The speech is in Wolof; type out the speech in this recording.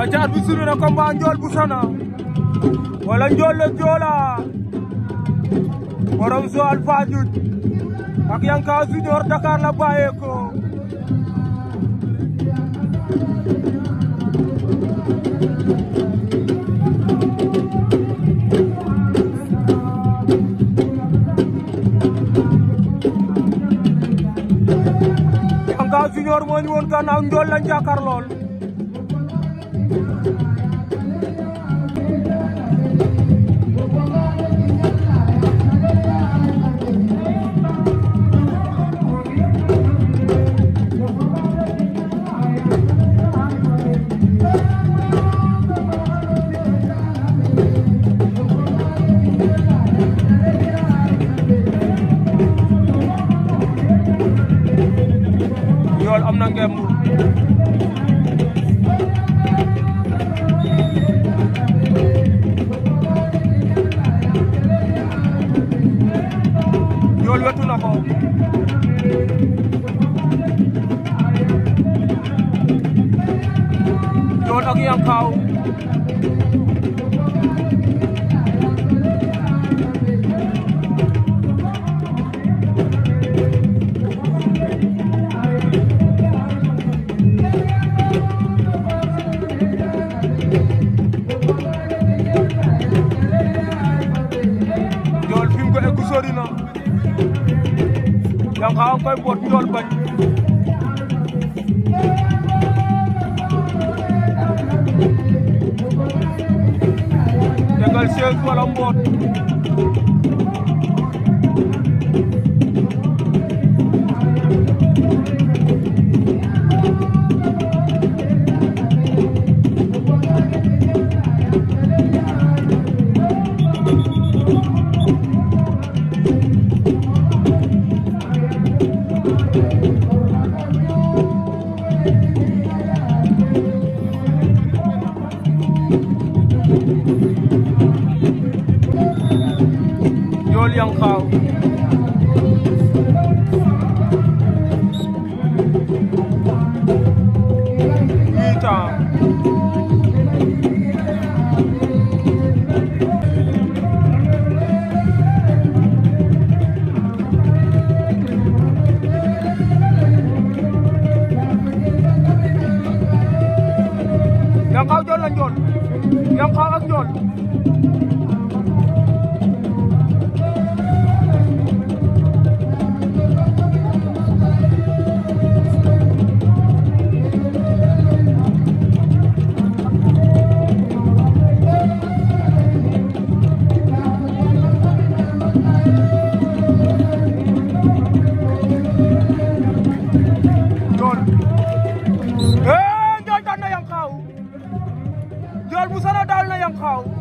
aca ar bi sunu na combat Ndiol bu Sana wala Ndiol le Joola borom Joal Fadiouth ak Yanka Junior Dakar la bàyyeeko Yanka Junior moo ñu woon gannaaw lool Ndiol am na ngemb Njool wetu na ko Njool ak Yankaw Jankaaw a koy boot njool bañ tegal sees wala mboot Ndiol Thank you. them call